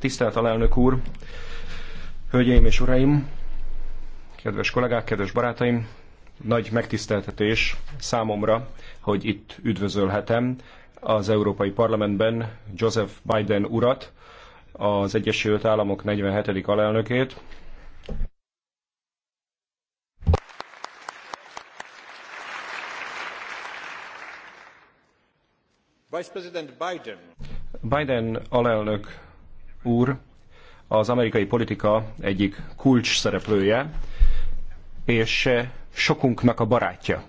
Tisztelt alelnök úr, hölgyeim és uraim, kedves kollégák, kedves barátaim, nagy megtiszteltetés számomra, hogy itt üdvözölhetem az Európai Parlamentben Joseph Biden urat, az Egyesült Államok 47. alelnökét, Biden. Biden alelnök úr az amerikai politika egyik kulcs szereplője, és sokunknak a barátja.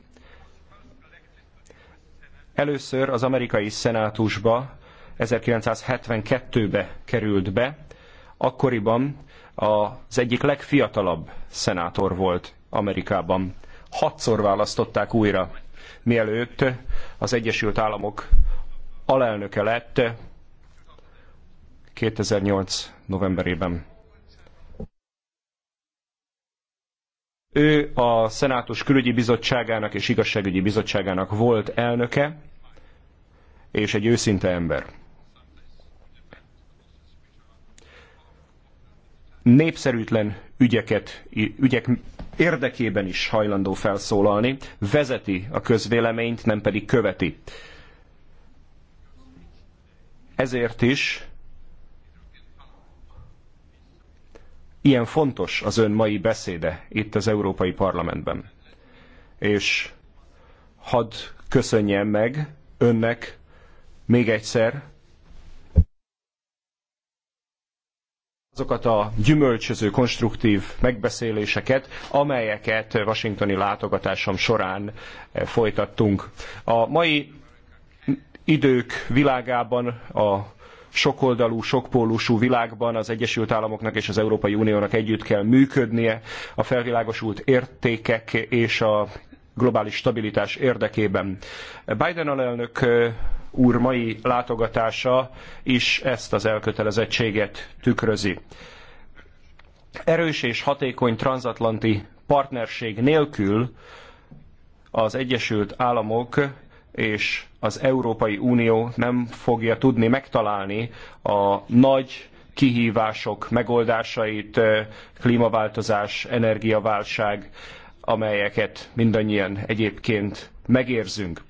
Először az amerikai szenátusba 1972-be került be, akkoriban az egyik legfiatalabb szenátor volt Amerikában. Hatszor választották újra, mielőtt az Egyesült Államok alelnöke lett 2008. novemberében. Ő a Szenátus Külügyi Bizottságának és Igazságügyi Bizottságának volt elnöke, és egy őszinte ember. Népszerűtlen ügyeket, ügyek érdekében is hajlandó felszólalni, vezeti a közvéleményt, nem pedig követi ezért is ilyen fontos az ön mai beszéde itt az Európai Parlamentben. És hadd köszönjem meg önnek még egyszer azokat a gyümölcsöző, konstruktív megbeszéléseket, amelyeket washingtoni látogatásom során folytattunk. A mai idők világában, a sokoldalú, sokpólusú világban az Egyesült Államoknak és az Európai Uniónak együtt kell működnie a felvilágosult értékek és a globális stabilitás érdekében. Biden alelnök úr mai látogatása is ezt az elkötelezettséget tükrözi. Erős és hatékony transatlanti partnerség nélkül az Egyesült Államok és az Európai Unió nem fogja tudni megtalálni a nagy kihívások megoldásait, klímaváltozás, energiaválság, amelyeket mindannyian egyébként megérzünk.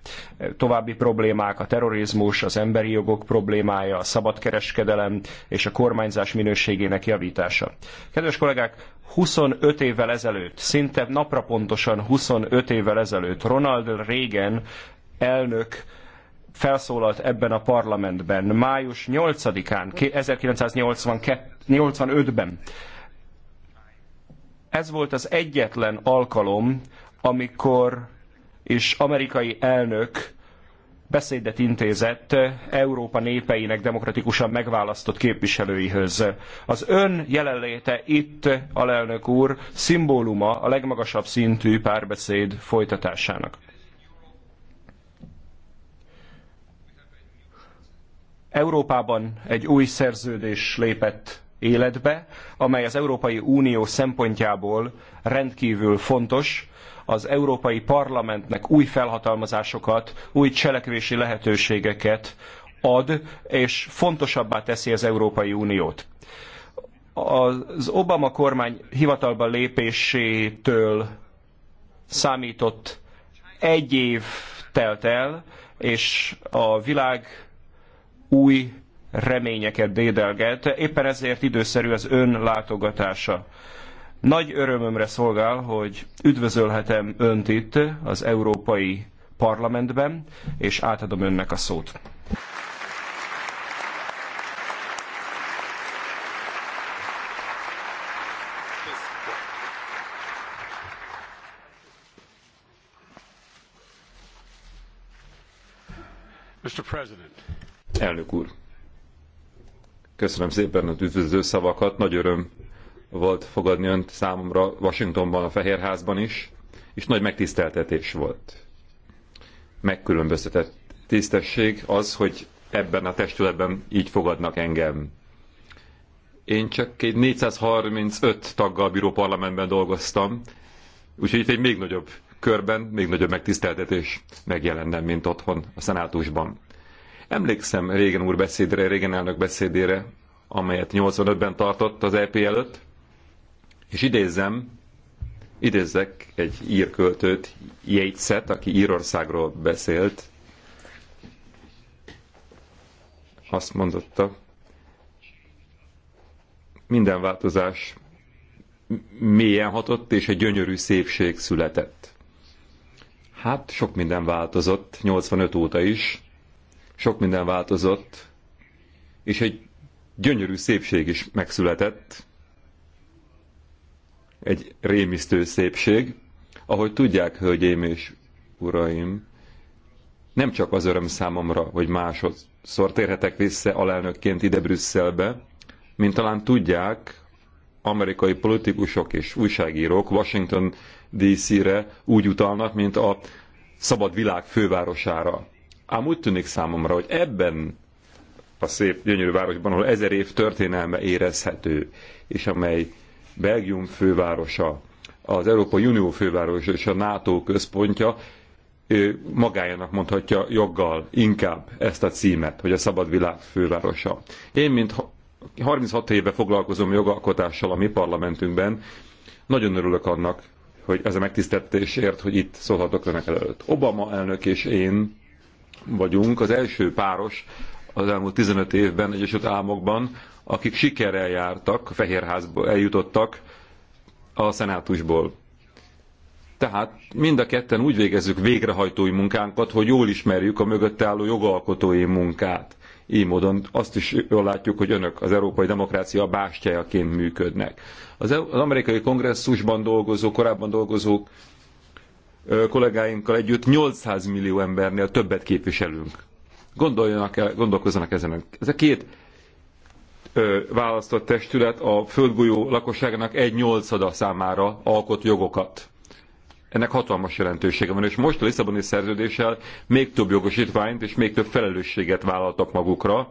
További problémák a terrorizmus, az emberi jogok problémája, a szabadkereskedelem és a kormányzás minőségének javítása. Kedves kollégák, 25 évvel ezelőtt, szinte napra pontosan 25 évvel ezelőtt Ronald Reagan elnök felszólalt ebben a parlamentben május 8-án, 1985-ben. Ez volt az egyetlen alkalom, amikor is amerikai elnök beszédet intézett Európa népeinek demokratikusan megválasztott képviselőihöz. Az ön jelenléte itt, alelnök úr, szimbóluma a legmagasabb szintű párbeszéd folytatásának. Európában egy új szerződés lépett életbe, amely az Európai Unió szempontjából rendkívül fontos, az Európai Parlamentnek új felhatalmazásokat, új cselekvési lehetőségeket ad, és fontosabbá teszi az Európai Uniót. Az Obama kormány hivatalba lépésétől számított egy év telt el, és a világ új reményeket dédelget, éppen ezért időszerű az ön látogatása. Nagy örömömre szolgál, hogy üdvözölhetem önt itt az Európai Parlamentben, és átadom önnek a szót. Mr. President. Elnök úr, köszönöm szépen az üdvözlő szavakat, nagy öröm volt fogadni önt számomra Washingtonban, a Fehérházban is, és nagy megtiszteltetés volt. Megkülönböztetett tisztesség az, hogy ebben a testületben így fogadnak engem. Én csak egy 435 taggal bíró parlamentben dolgoztam, úgyhogy itt egy még nagyobb körben, még nagyobb megtiszteltetés megjelennem, mint otthon a szenátusban. Emlékszem régen úr beszédére, régen elnök beszédére, amelyet 85-ben tartott az EP előtt, és idézem, idézzek egy ír költőt, aki Írországról beszélt, azt mondotta, minden változás mélyen hatott, és egy gyönyörű szépség született. Hát sok minden változott, 85 óta is, sok minden változott, és egy gyönyörű szépség is megszületett, egy rémisztő szépség. Ahogy tudják, hölgyeim és uraim, nem csak az öröm számomra, hogy másodszor térhetek vissza alelnökként ide Brüsszelbe, mint talán tudják, amerikai politikusok és újságírók Washington DC-re úgy utalnak, mint a szabad világ fővárosára. Ám úgy tűnik számomra, hogy ebben a szép, gyönyörű városban, ahol ezer év történelme érezhető, és amely Belgium fővárosa, az Európai Unió fővárosa és a NATO központja, magájának mondhatja joggal inkább ezt a címet, hogy a szabad világ fővárosa. Én, mint 36 éve foglalkozom jogalkotással a mi parlamentünkben, nagyon örülök annak, hogy ez a megtiszteltetésért, hogy itt szólhatok önök előtt. Obama elnök és én vagyunk az első páros az elmúlt 15 évben Egyesült Államokban, akik sikerrel jártak, Fehérházból eljutottak a szenátusból. Tehát mind a ketten úgy végezzük végrehajtói munkánkat, hogy jól ismerjük a mögötte álló jogalkotói munkát. Így módon azt is jól látjuk, hogy önök az európai demokrácia bástyájaként működnek. Az, az amerikai kongresszusban dolgozó, korábban dolgozók kollégáinkkal együtt 800 millió embernél többet képviselünk. Gondoljanak el, gondolkozzanak ezen. Ez a két ö, választott testület a földgolyó lakosságának egy nyolcada számára alkot jogokat. Ennek hatalmas jelentősége van, és most a Lisszaboni szerződéssel még több jogosítványt és még több felelősséget vállaltak magukra,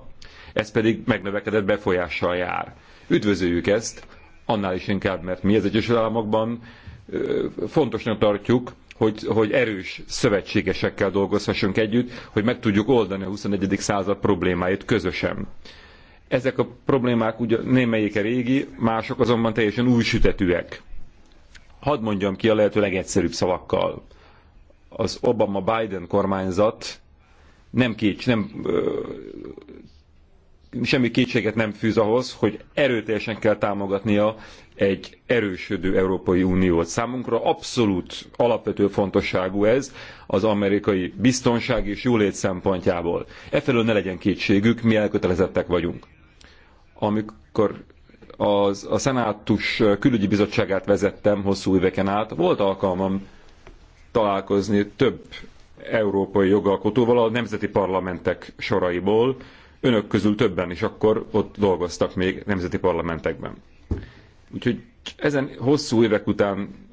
ez pedig megnövekedett befolyással jár. Üdvözöljük ezt, annál is inkább, mert mi az Egyesült Államokban fontosnak tartjuk hogy, hogy erős szövetségesekkel dolgozhassunk együtt, hogy meg tudjuk oldani a 21. század problémáit közösen. Ezek a problémák ugye némelyike régi, mások azonban teljesen új sütetűek. Hadd mondjam ki a lehető legegyszerűbb szavakkal. Az Obama-Biden kormányzat nem kics, nem, ö, semmi kétséget nem fűz ahhoz, hogy erőteljesen kell támogatnia egy erősödő Európai Uniót. Számunkra abszolút alapvető fontosságú ez az amerikai biztonság és jólét szempontjából. Efelől ne legyen kétségük, mi elkötelezettek vagyunk. Amikor az, a Szenátus külügyi bizottságát vezettem hosszú éveken át, volt alkalmam találkozni több európai jogalkotóval a nemzeti parlamentek soraiból. Önök közül többen is akkor ott dolgoztak még nemzeti parlamentekben Úgyhogy ezen hosszú évek után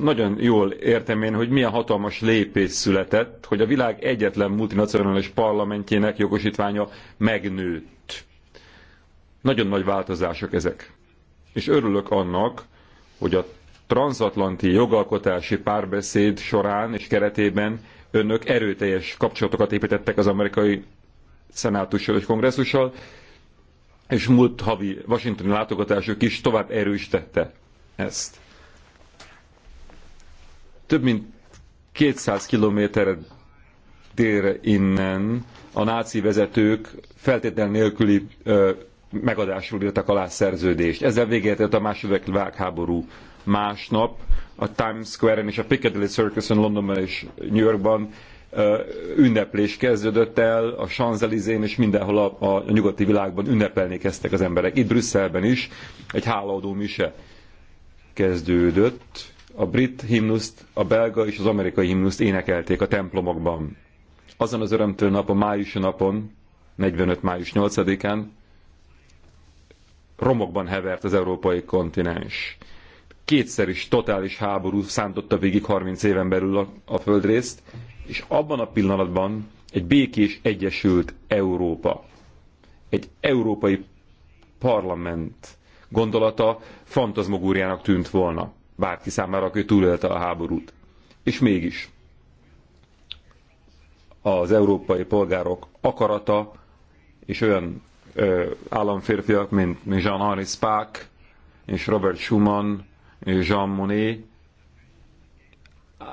nagyon jól értem én, hogy milyen hatalmas lépés született, hogy a világ egyetlen multinacionális parlamentjének jogosítványa megnőtt. Nagyon nagy változások ezek. És örülök annak, hogy a transatlanti jogalkotási párbeszéd során és keretében önök erőteljes kapcsolatokat építettek az amerikai szenátussal és kongresszussal, és múlt havi washingtoni látogatások is tovább erősítette ezt. Több mint 200 kilométerre délre innen a náci vezetők feltétlen nélküli ö, megadásról írtak alá szerződést. Ezzel véget ért a második világháború. Másnap a Times Square-en és a Piccadilly Circus-en Londonban és New Yorkban ünneplés kezdődött el, a Sanzelizén és mindenhol a, a nyugati világban ünnepelni kezdtek az emberek. Itt Brüsszelben is egy hálaadó mise kezdődött. A brit himnuszt, a belga és az amerikai himnuszt énekelték a templomokban. Azon az örömtől napon, májusi napon, 45. május 8-án romokban hevert az európai kontinens. Kétszer is totális háború szántotta végig 30 éven belül a, a földrészt, és abban a pillanatban egy békés egyesült Európa, egy európai parlament gondolata fantazmogúriának tűnt volna bárki számára, aki túlélte a háborút. És mégis az európai polgárok akarata és olyan ö, államférfiak, mint Jean-Henri Spack, és Robert Schumann és Jean Monnet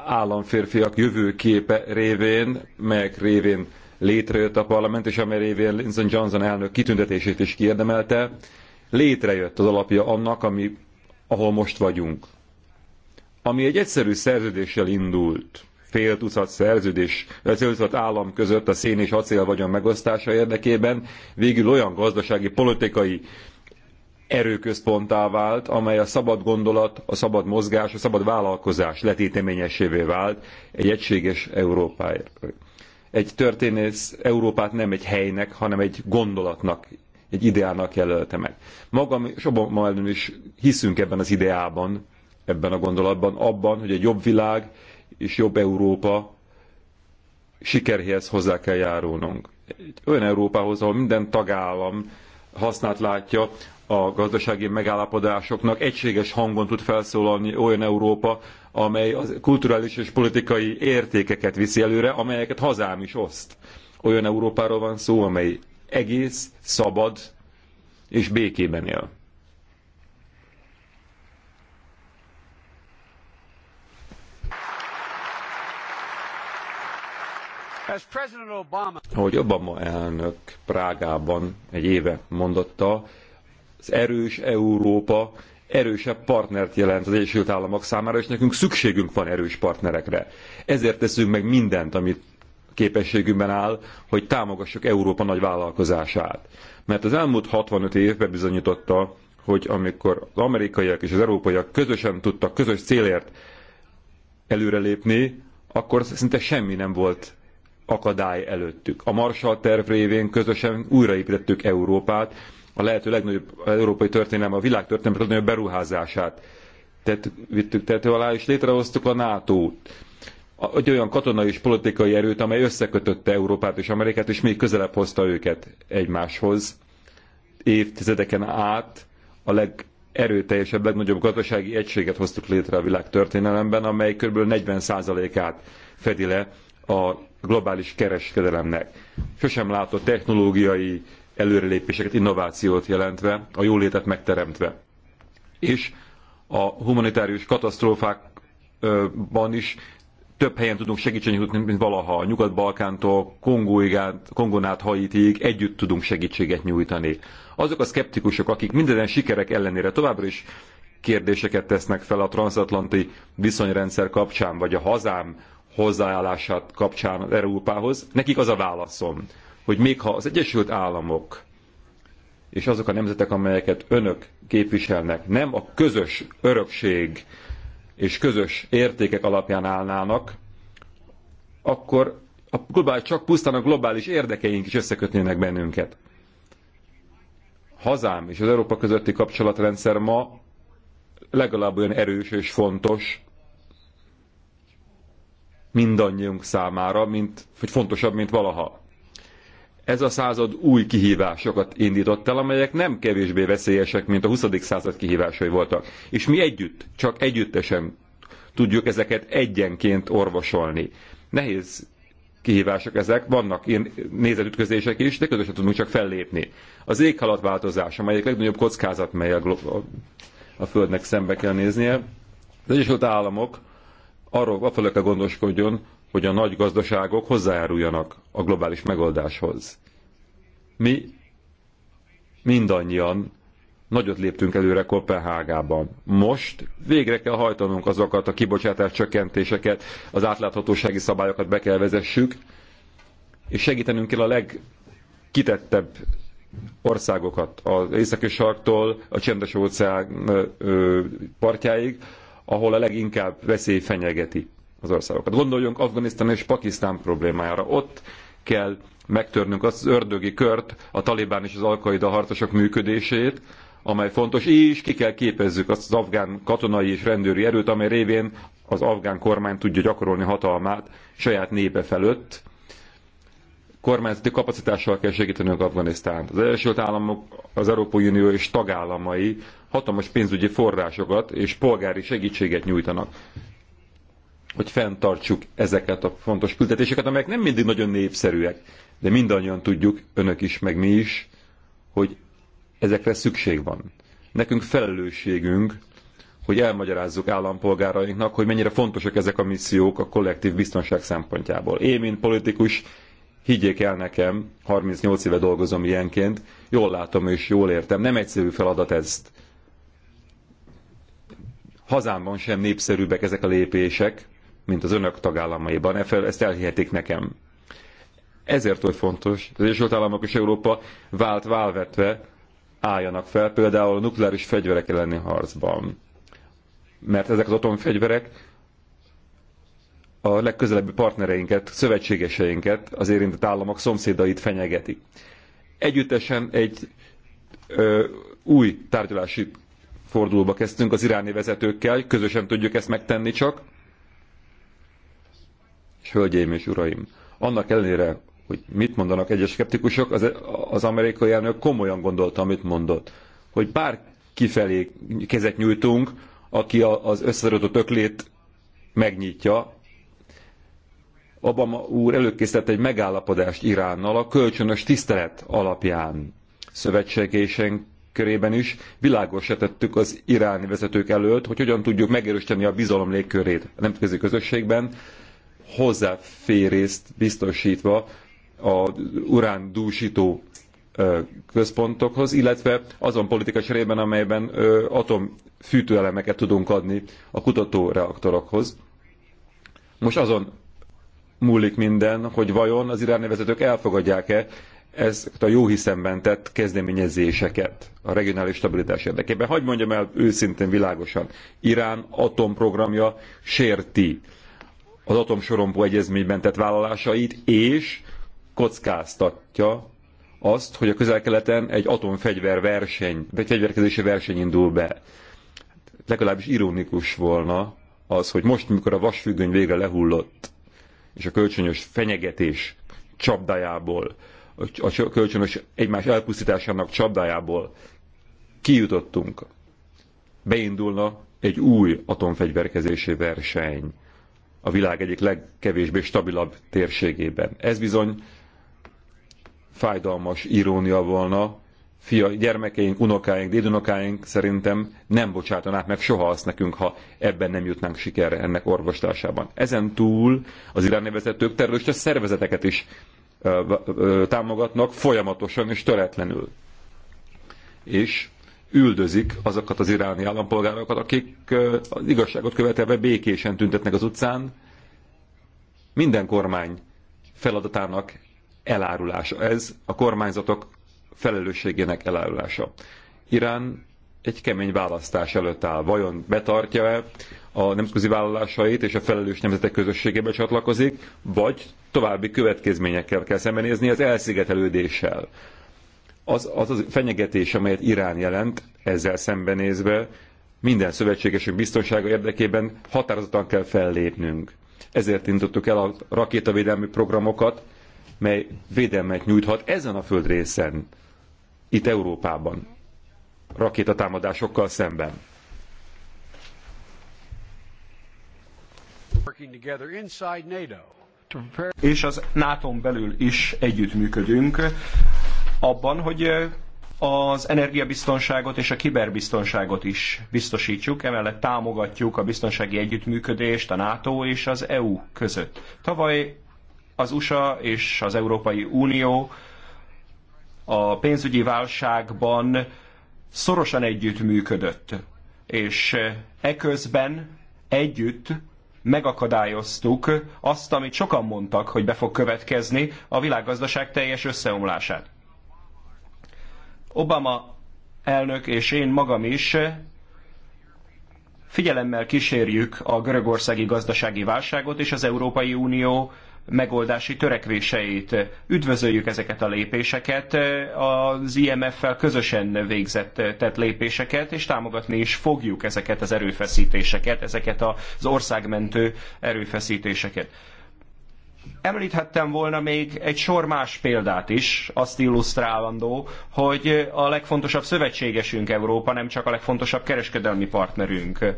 államférfiak jövőképe révén, melyek révén létrejött a parlament, és amely révén Lyndon Johnson elnök kitüntetését is kiérdemelte, létrejött az alapja annak, ami, ahol most vagyunk. Ami egy egyszerű szerződéssel indult, fél tucat szerződés, fél tucat állam között a szén és acél vagyon megosztása érdekében végül olyan gazdasági, politikai erőközponttá vált, amely a szabad gondolat, a szabad mozgás, a szabad vállalkozás letéteményesévé vált egy egységes Európáért. Egy történész Európát nem egy helynek, hanem egy gondolatnak, egy ideának jelölte meg. Magam és Obama ellen is hiszünk ebben az ideában, ebben a gondolatban, abban, hogy egy jobb világ és jobb Európa sikerhez hozzá kell járulnunk. Egy olyan Európához, ahol minden tagállam hasznát látja a gazdasági megállapodásoknak egységes hangon tud felszólalni olyan Európa, amely a kulturális és politikai értékeket viszi előre, amelyeket hazám is oszt. Olyan Európáról van szó, amely egész, szabad és békében él. Ahogy Obama elnök Prágában egy éve mondotta, az erős Európa erősebb partnert jelent az Egyesült Államok számára, és nekünk szükségünk van erős partnerekre. Ezért teszünk meg mindent, amit képességünkben áll, hogy támogassuk Európa nagy vállalkozását. Mert az elmúlt 65 évben bizonyította, hogy amikor az amerikaiak és az európaiak közösen tudtak közös célért előrelépni, akkor szinte semmi nem volt akadály előttük. A Marshall terv révén közösen újraépítettük Európát, a lehető legnagyobb európai történelme, a világ történelme legnagyobb beruházását tett, vittük tető alá, és létrehoztuk a NATO-t. Egy olyan katonai és politikai erőt, amely összekötötte Európát és Amerikát, és még közelebb hozta őket egymáshoz. Évtizedeken át a legerőteljesebb, legnagyobb gazdasági egységet hoztuk létre a világ történelemben, amely kb. 40%-át fedi le a globális kereskedelemnek. Sosem látott technológiai, előrelépéseket, innovációt jelentve, a jólétet megteremtve. És a humanitárius katasztrófákban is több helyen tudunk segítséget jutni, mint valaha. A Nyugat-Balkántól, Kongóig át, Kongon át Haitiig együtt tudunk segítséget nyújtani. Azok a szkeptikusok, akik minden sikerek ellenére továbbra is kérdéseket tesznek fel a transatlanti viszonyrendszer kapcsán, vagy a hazám hozzáállását kapcsán Európához, nekik az a válaszom, hogy még ha az Egyesült Államok és azok a nemzetek, amelyeket önök képviselnek, nem a közös örökség és közös értékek alapján állnának, akkor a globális, csak pusztán a globális érdekeink is összekötnének bennünket. Hazám és az Európa közötti kapcsolatrendszer ma legalább olyan erős és fontos mindannyiunk számára, mint, hogy fontosabb, mint valaha ez a század új kihívásokat indított el, amelyek nem kevésbé veszélyesek, mint a 20. század kihívásai voltak. És mi együtt, csak együttesen tudjuk ezeket egyenként orvosolni. Nehéz kihívások ezek, vannak ilyen nézetütközések is, de közösen tudunk csak fellépni. Az éghalatváltozás, amelyek legnagyobb kockázat, mely a, a Földnek szembe kell néznie, az Egyesült Államok arról a kell gondoskodjon, hogy a nagy gazdaságok hozzájáruljanak a globális megoldáshoz. Mi mindannyian nagyot léptünk előre Kopenhágában. Most végre kell hajtanunk azokat a kibocsátás csökkentéseket, az átláthatósági szabályokat be kell vezessük, és segítenünk kell a legkitettebb országokat, az északi sarktól a csendes óceán partjáig, ahol a leginkább veszély fenyegeti az országokat. Gondoljunk Afganisztán és Pakisztán problémájára. Ott kell megtörnünk az ördögi kört, a talibán és az alkaida harcosok működését, amely fontos, és ki kell képezzük azt az afgán katonai és rendőri erőt, amely révén az afgán kormány tudja gyakorolni hatalmát saját népe felőtt. Kormányzati kapacitással kell segítenünk Afganisztánt. Az Egyesült Államok, az Európai Unió és tagállamai hatalmas pénzügyi forrásokat és polgári segítséget nyújtanak hogy fenntartsuk ezeket a fontos küldetéseket, amelyek nem mindig nagyon népszerűek, de mindannyian tudjuk, önök is, meg mi is, hogy ezekre szükség van. Nekünk felelősségünk, hogy elmagyarázzuk állampolgárainknak, hogy mennyire fontosak ezek a missziók a kollektív biztonság szempontjából. Én, mint politikus, higgyék el nekem, 38 éve dolgozom ilyenként, jól látom és jól értem, nem egyszerű feladat ezt. Hazámban sem népszerűbbek ezek a lépések, mint az önök tagállamaiban. E ezt elhihetik nekem. Ezért oly fontos, hogy az Egyesült Államok és Európa vált válvetve álljanak fel például a nukleáris fegyverek elleni harcban. Mert ezek az atomfegyverek a legközelebbi partnereinket, szövetségeseinket, az érintett államok szomszédait fenyegetik. Együttesen egy ö, új tárgyalási fordulóba kezdtünk az iráni vezetőkkel, közösen tudjuk ezt megtenni csak, és hölgyeim és uraim, annak ellenére, hogy mit mondanak egyes skeptikusok, az, az amerikai elnök komolyan gondolta, amit mondott. Hogy bár kifelé kezet nyújtunk, aki a, az összeadott öklét megnyitja, Obama úr előkészített egy megállapodást Iránnal a kölcsönös tisztelet alapján. Szövetségésen körében is világos tettük az iráni vezetők előtt, hogy hogyan tudjuk megerősíteni a bizalom légkörét a nemzetközi közösségben, hozzáférést biztosítva a urán dúsító központokhoz, illetve azon politikai cserében, amelyben atomfűtőelemeket tudunk adni a kutatóreaktorokhoz. Most azon múlik minden, hogy vajon az iráni vezetők elfogadják-e ezt a jó hiszemben tett kezdeményezéseket a regionális stabilitás érdekében. Hagy mondjam el őszintén világosan, Irán atomprogramja sérti az atomsorompó egyezményben tett vállalásait, és kockáztatja azt, hogy a közel-keleten egy atomfegyver verseny, vagy fegyverkezési verseny indul be. Legalábbis ironikus volna az, hogy most, mikor a vasfüggöny végre lehullott, és a kölcsönös fenyegetés csapdájából, a kölcsönös egymás elpusztításának csapdájából kijutottunk, beindulna egy új atomfegyverkezési verseny a világ egyik legkevésbé stabilabb térségében. Ez bizony fájdalmas irónia volna, fia, gyermekeink, unokáink, dédunokáink szerintem nem bocsátanák meg soha azt nekünk, ha ebben nem jutnánk sikerre ennek orvostásában. Ezen túl az iráni vezetők terrorista szervezeteket is ö, ö, támogatnak folyamatosan és töretlenül. És üldözik azokat az iráni állampolgárokat, akik az igazságot követelve békésen tüntetnek az utcán. Minden kormány feladatának elárulása. Ez a kormányzatok felelősségének elárulása. Irán egy kemény választás előtt áll. Vajon betartja-e a nemzetközi vállalásait és a felelős nemzetek közösségébe csatlakozik, vagy további következményekkel kell szembenézni az elszigetelődéssel, az, az a fenyegetés, amelyet Irán jelent, ezzel szembenézve minden szövetségesünk biztonsága érdekében határozottan kell fellépnünk. Ezért indítottuk el a rakétavédelmi programokat, mely védelmet nyújthat ezen a földrészen, itt Európában, rakétatámadásokkal szemben. És az nato belül is együttműködünk abban, hogy az energiabiztonságot és a kiberbiztonságot is biztosítjuk, emellett támogatjuk a biztonsági együttműködést a NATO és az EU között. Tavaly az USA és az Európai Unió a pénzügyi válságban szorosan együttműködött, és eközben együtt megakadályoztuk azt, amit sokan mondtak, hogy be fog következni, a világgazdaság teljes összeomlását. Obama elnök és én magam is figyelemmel kísérjük a görögországi gazdasági válságot és az Európai Unió megoldási törekvéseit. Üdvözöljük ezeket a lépéseket, az IMF-fel közösen végzett tett lépéseket, és támogatni is fogjuk ezeket az erőfeszítéseket, ezeket az országmentő erőfeszítéseket. Említhettem volna még egy sor más példát is, azt illusztrálandó, hogy a legfontosabb szövetségesünk Európa, nem csak a legfontosabb kereskedelmi partnerünk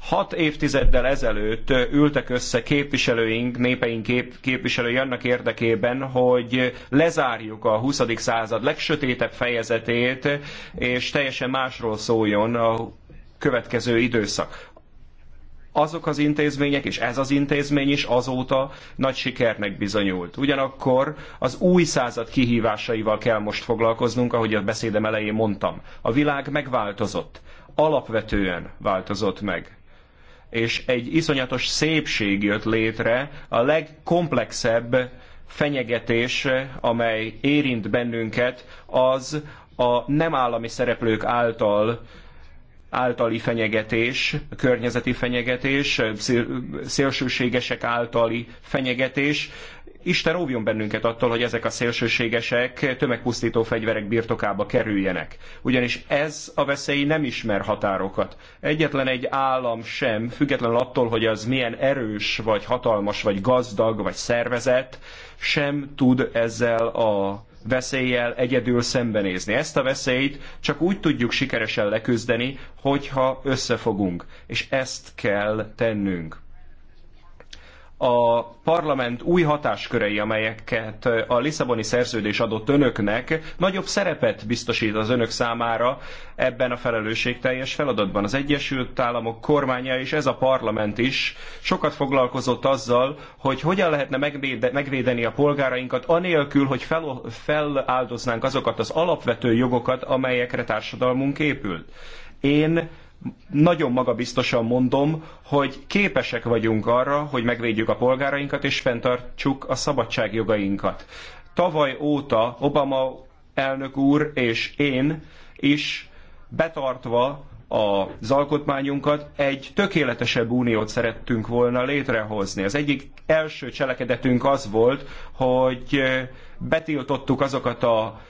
hat évtizeddel ezelőtt ültek össze képviselőink, népeink kép, képviselői annak érdekében, hogy lezárjuk a 20. század legsötétebb fejezetét, és teljesen másról szóljon a következő időszak azok az intézmények, és ez az intézmény is azóta nagy sikernek bizonyult. Ugyanakkor az új század kihívásaival kell most foglalkoznunk, ahogy a beszédem elején mondtam. A világ megváltozott. Alapvetően változott meg és egy iszonyatos szépség jött létre, a legkomplexebb fenyegetés, amely érint bennünket, az a nem állami szereplők által általi fenyegetés, környezeti fenyegetés, szélsőségesek általi fenyegetés. Isten óvjon bennünket attól, hogy ezek a szélsőségesek tömegpusztító fegyverek birtokába kerüljenek. Ugyanis ez a veszély nem ismer határokat. Egyetlen egy állam sem, függetlenül attól, hogy az milyen erős, vagy hatalmas, vagy gazdag, vagy szervezet sem tud ezzel a veszéllyel egyedül szembenézni. Ezt a veszélyt csak úgy tudjuk sikeresen leküzdeni, hogyha összefogunk. És ezt kell tennünk a parlament új hatáskörei, amelyeket a Lisszaboni szerződés adott önöknek, nagyobb szerepet biztosít az önök számára ebben a felelősségteljes feladatban. Az Egyesült Államok kormánya és ez a parlament is sokat foglalkozott azzal, hogy hogyan lehetne megvédeni a polgárainkat, anélkül, hogy fel, feláldoznánk azokat az alapvető jogokat, amelyekre társadalmunk épül. Én nagyon magabiztosan mondom, hogy képesek vagyunk arra, hogy megvédjük a polgárainkat és fenntartsuk a szabadságjogainkat. Tavaly óta Obama elnök úr és én is betartva az alkotmányunkat, egy tökéletesebb uniót szerettünk volna létrehozni. Az egyik első cselekedetünk az volt, hogy betiltottuk azokat a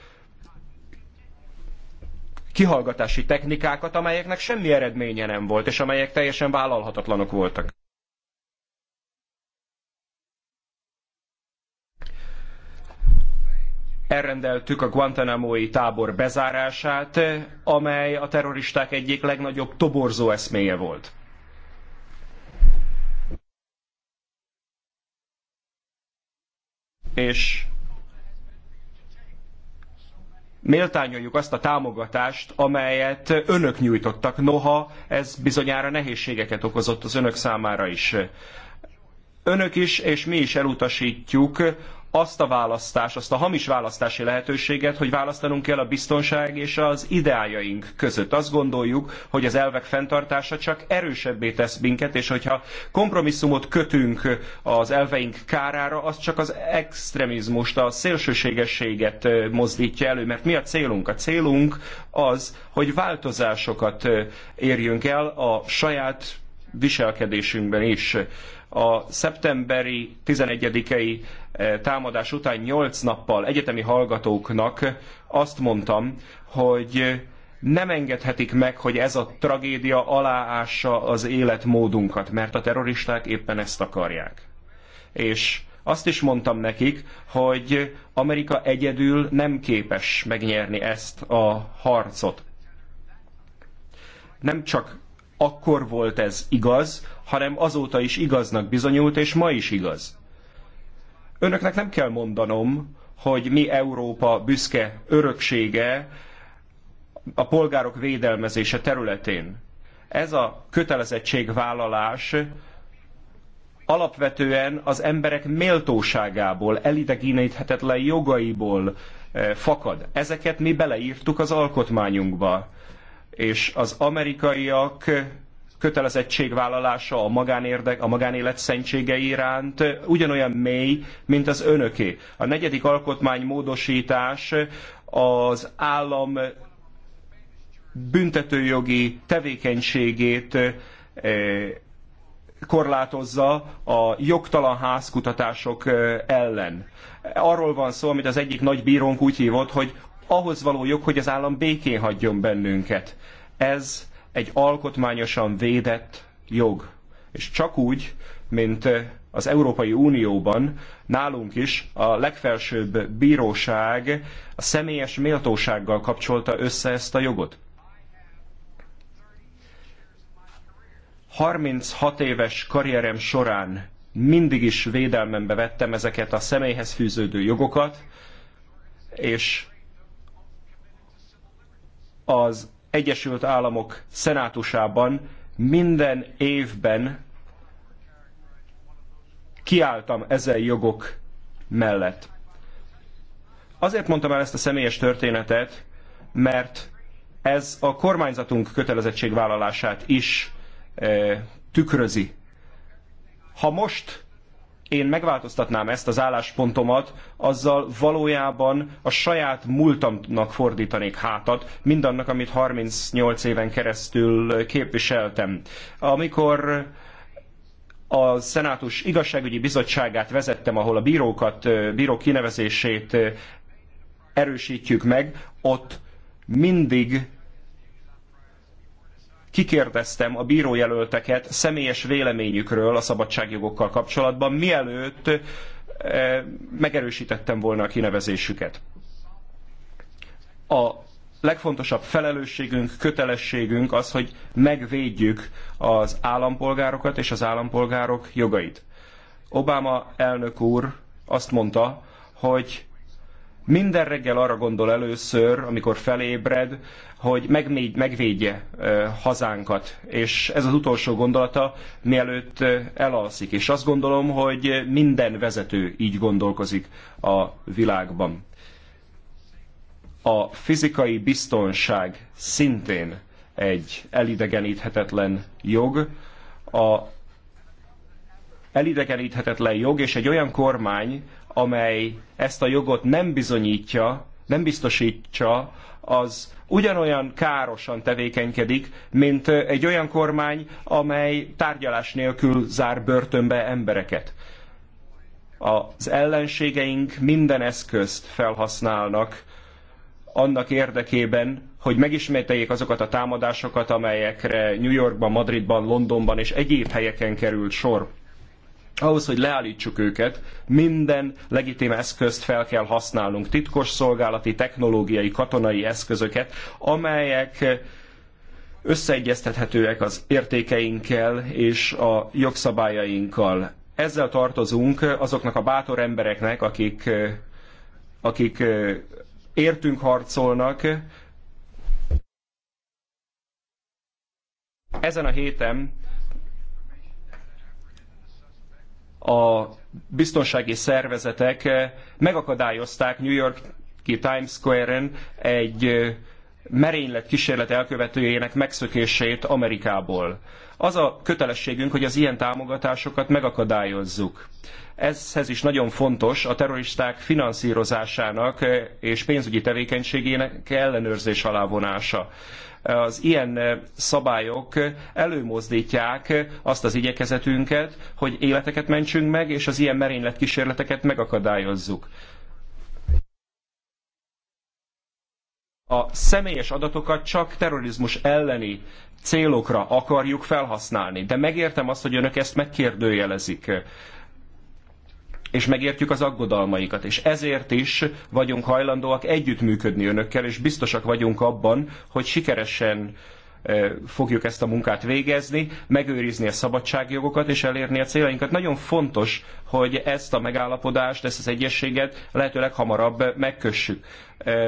kihallgatási technikákat, amelyeknek semmi eredménye nem volt, és amelyek teljesen vállalhatatlanok voltak. elrendeltük a Guantanamo-i tábor bezárását, amely a terroristák egyik legnagyobb toborzó eszméje volt. És méltányoljuk azt a támogatást, amelyet önök nyújtottak, noha ez bizonyára nehézségeket okozott az önök számára is. Önök is és mi is elutasítjuk azt a választás, azt a hamis választási lehetőséget, hogy választanunk kell a biztonság és az ideájaink között. Azt gondoljuk, hogy az elvek fenntartása csak erősebbé tesz minket, és hogyha kompromisszumot kötünk az elveink kárára, az csak az extremizmust, a szélsőségességet mozdítja elő, mert mi a célunk? A célunk az, hogy változásokat érjünk el a saját viselkedésünkben is a szeptemberi 11-i eh, támadás után 8 nappal egyetemi hallgatóknak azt mondtam, hogy eh, nem engedhetik meg, hogy ez a tragédia aláássa az életmódunkat, mert a terroristák éppen ezt akarják. És azt is mondtam nekik, hogy Amerika egyedül nem képes megnyerni ezt a harcot. Nem csak akkor volt ez igaz, hanem azóta is igaznak bizonyult, és ma is igaz. Önöknek nem kell mondanom, hogy mi Európa büszke öröksége a polgárok védelmezése területén. Ez a kötelezettségvállalás alapvetően az emberek méltóságából, elideginíthetetlen jogaiból eh, fakad. Ezeket mi beleírtuk az alkotmányunkba. És az amerikaiak kötelezettségvállalása a, magánérdek, a magánélet szentsége iránt ugyanolyan mély, mint az önöké. A negyedik alkotmánymódosítás az állam büntetőjogi tevékenységét eh, korlátozza a jogtalan házkutatások eh, ellen. Arról van szó, amit az egyik nagy bírónk úgy hívott, hogy ahhoz való jog, hogy az állam békén hagyjon bennünket. Ez egy alkotmányosan védett jog. És csak úgy, mint az Európai Unióban, nálunk is a legfelsőbb bíróság a személyes méltósággal kapcsolta össze ezt a jogot. 36 éves karrierem során mindig is védelmembe vettem ezeket a személyhez fűződő jogokat, és az Egyesült Államok szenátusában minden évben kiálltam ezen jogok mellett. Azért mondtam el ezt a személyes történetet, mert ez a kormányzatunk kötelezettségvállalását is e, tükrözi. Ha most én megváltoztatnám ezt az álláspontomat, azzal valójában a saját múltamnak fordítanék hátat, mindannak, amit 38 éven keresztül képviseltem. Amikor a Szenátus igazságügyi bizottságát vezettem, ahol a bírókat, bírók kinevezését erősítjük meg, ott mindig kikérdeztem a bírójelölteket személyes véleményükről a szabadságjogokkal kapcsolatban, mielőtt eh, megerősítettem volna a kinevezésüket. A legfontosabb felelősségünk, kötelességünk az, hogy megvédjük az állampolgárokat és az állampolgárok jogait. Obama elnök úr azt mondta, hogy minden reggel arra gondol először, amikor felébred, hogy megvédje, megvédje hazánkat. És ez az utolsó gondolata, mielőtt elalszik. És azt gondolom, hogy minden vezető így gondolkozik a világban. A fizikai biztonság szintén egy elidegeníthetetlen jog. A elidegeníthetetlen jog, és egy olyan kormány, amely ezt a jogot nem bizonyítja, nem biztosítsa, az ugyanolyan károsan tevékenykedik, mint egy olyan kormány, amely tárgyalás nélkül zár börtönbe embereket. Az ellenségeink minden eszközt felhasználnak annak érdekében, hogy megismételjék azokat a támadásokat, amelyekre New Yorkban, Madridban, Londonban és egyéb helyeken került sor ahhoz, hogy leállítsuk őket, minden legitim eszközt fel kell használnunk, titkos szolgálati, technológiai, katonai eszközöket, amelyek összeegyeztethetőek az értékeinkkel és a jogszabályainkkal. Ezzel tartozunk azoknak a bátor embereknek, akik, akik értünk harcolnak. Ezen a héten a biztonsági szervezetek eh, megakadályozták New Yorki Times Square-en egy eh, merénylet kísérlet elkövetőjének megszökését Amerikából. Az a kötelességünk, hogy az ilyen támogatásokat megakadályozzuk. Ezhez is nagyon fontos a terroristák finanszírozásának eh, és pénzügyi tevékenységének ellenőrzés alávonása. Az ilyen eh, szabályok előmozdítják azt az igyekezetünket, hogy életeket mentsünk meg, és az ilyen merényletkísérleteket megakadályozzuk. a személyes adatokat csak terrorizmus elleni célokra akarjuk felhasználni. De megértem azt, hogy önök ezt megkérdőjelezik és megértjük az aggodalmaikat, és ezért is vagyunk hajlandóak együttműködni önökkel, és biztosak vagyunk abban, hogy sikeresen fogjuk ezt a munkát végezni, megőrizni a szabadságjogokat és elérni a céljainkat. Nagyon fontos, hogy ezt a megállapodást, ezt az egyességet lehetőleg hamarabb megkössük.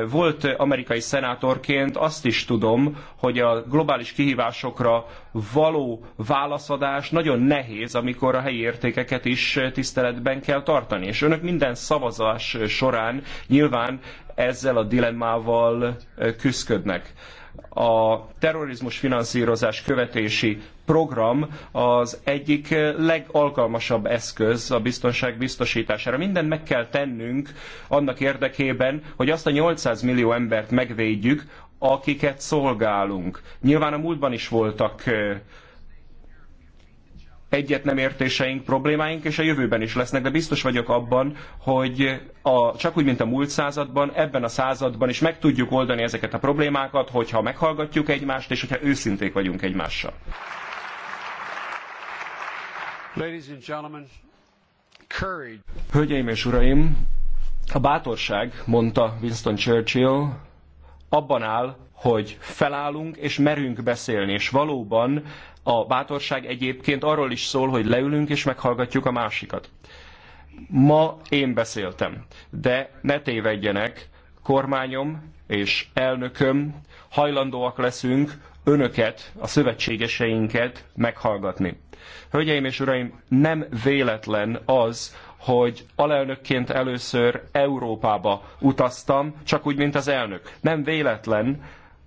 Volt amerikai szenátorként azt is tudom, hogy a globális kihívásokra való válaszadás nagyon nehéz, amikor a helyi értékeket is tiszteletben kell tartani. És önök minden szavazás során nyilván ezzel a dilemmával küszködnek a terrorizmus finanszírozás követési program az egyik legalkalmasabb eszköz a biztonság biztosítására. Mindent meg kell tennünk annak érdekében, hogy azt a 800 millió embert megvédjük, akiket szolgálunk. Nyilván a múltban is voltak egyet nem értéseink, problémáink, és a jövőben is lesznek, de biztos vagyok abban, hogy a, csak úgy, mint a múlt században, ebben a században is meg tudjuk oldani ezeket a problémákat, hogyha meghallgatjuk egymást, és hogyha őszinték vagyunk egymással. Hölgyeim és uraim, a bátorság, mondta Winston Churchill, abban áll, hogy felállunk és merünk beszélni, és valóban a bátorság egyébként arról is szól, hogy leülünk és meghallgatjuk a másikat. Ma én beszéltem, de ne tévedjenek, kormányom és elnököm hajlandóak leszünk önöket, a szövetségeseinket meghallgatni. Hölgyeim és uraim, nem véletlen az, hogy alelnökként először Európába utaztam, csak úgy, mint az elnök. Nem véletlen,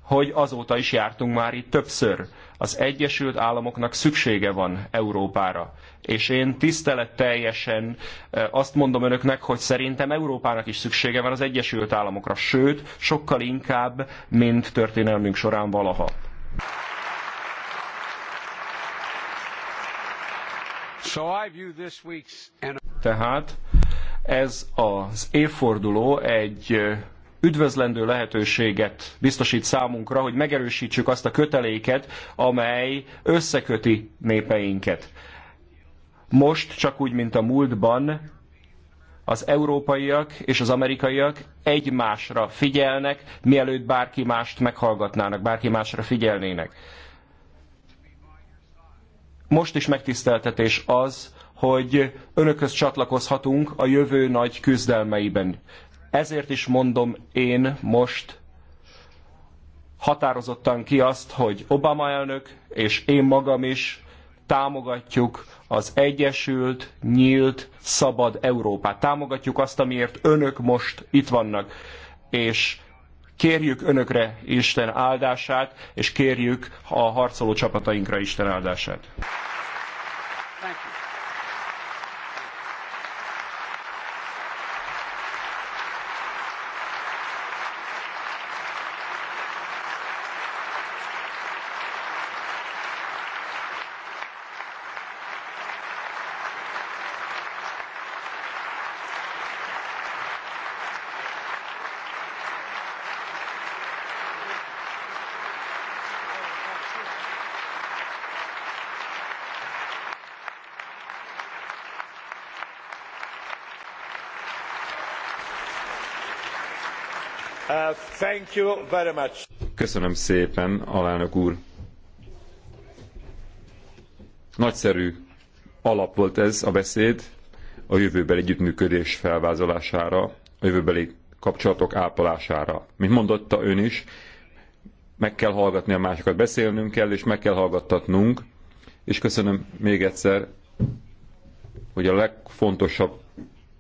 hogy azóta is jártunk már itt többször. Az Egyesült Államoknak szüksége van Európára. És én tiszteletteljesen azt mondom önöknek, hogy szerintem Európának is szüksége van az Egyesült Államokra, sőt, sokkal inkább, mint történelmünk során valaha. Tehát ez az évforduló egy üdvözlendő lehetőséget biztosít számunkra, hogy megerősítsük azt a köteléket, amely összeköti népeinket. Most, csak úgy, mint a múltban, az európaiak és az amerikaiak egymásra figyelnek, mielőtt bárki mást meghallgatnának, bárki másra figyelnének. Most is megtiszteltetés az, hogy önökhöz csatlakozhatunk a jövő nagy küzdelmeiben. Ezért is mondom én most határozottan ki azt, hogy Obama elnök és én magam is támogatjuk az egyesült, nyílt, szabad Európát. Támogatjuk azt, amiért önök most itt vannak. És kérjük önökre Isten áldását, és kérjük a harcoló csapatainkra Isten áldását. Köszönöm szépen, alelnök úr. Nagyszerű alap volt ez a beszéd a jövőbeli együttműködés felvázolására, a jövőbeli kapcsolatok ápolására. Mint mondotta ön is, meg kell hallgatni a másokat, beszélnünk kell, és meg kell hallgattatnunk. És köszönöm még egyszer, hogy a legfontosabb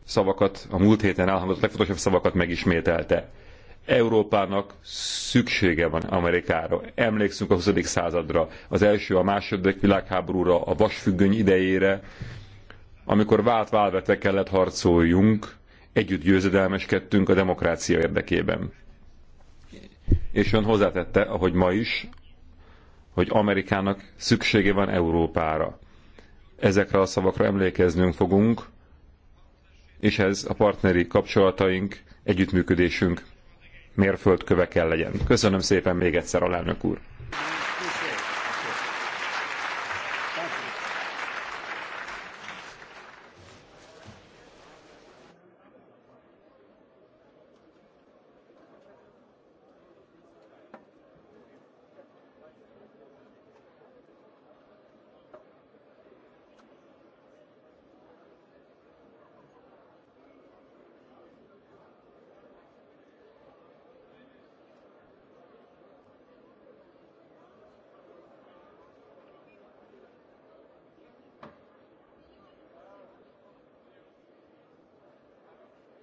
szavakat, a múlt héten elhangzott legfontosabb szavakat megismételte. Európának szüksége van Amerikára. Emlékszünk a 20. századra, az első, a második világháborúra, a vasfüggöny idejére, amikor vált válvetve kellett harcoljunk, együtt győzedelmeskedtünk a demokrácia érdekében. És ön hozzátette, ahogy ma is, hogy Amerikának szüksége van Európára. Ezekre a szavakra emlékeznünk fogunk, és ez a partneri kapcsolataink, együttműködésünk mérföldköve kell legyen. Köszönöm szépen még egyszer, alelnök úr!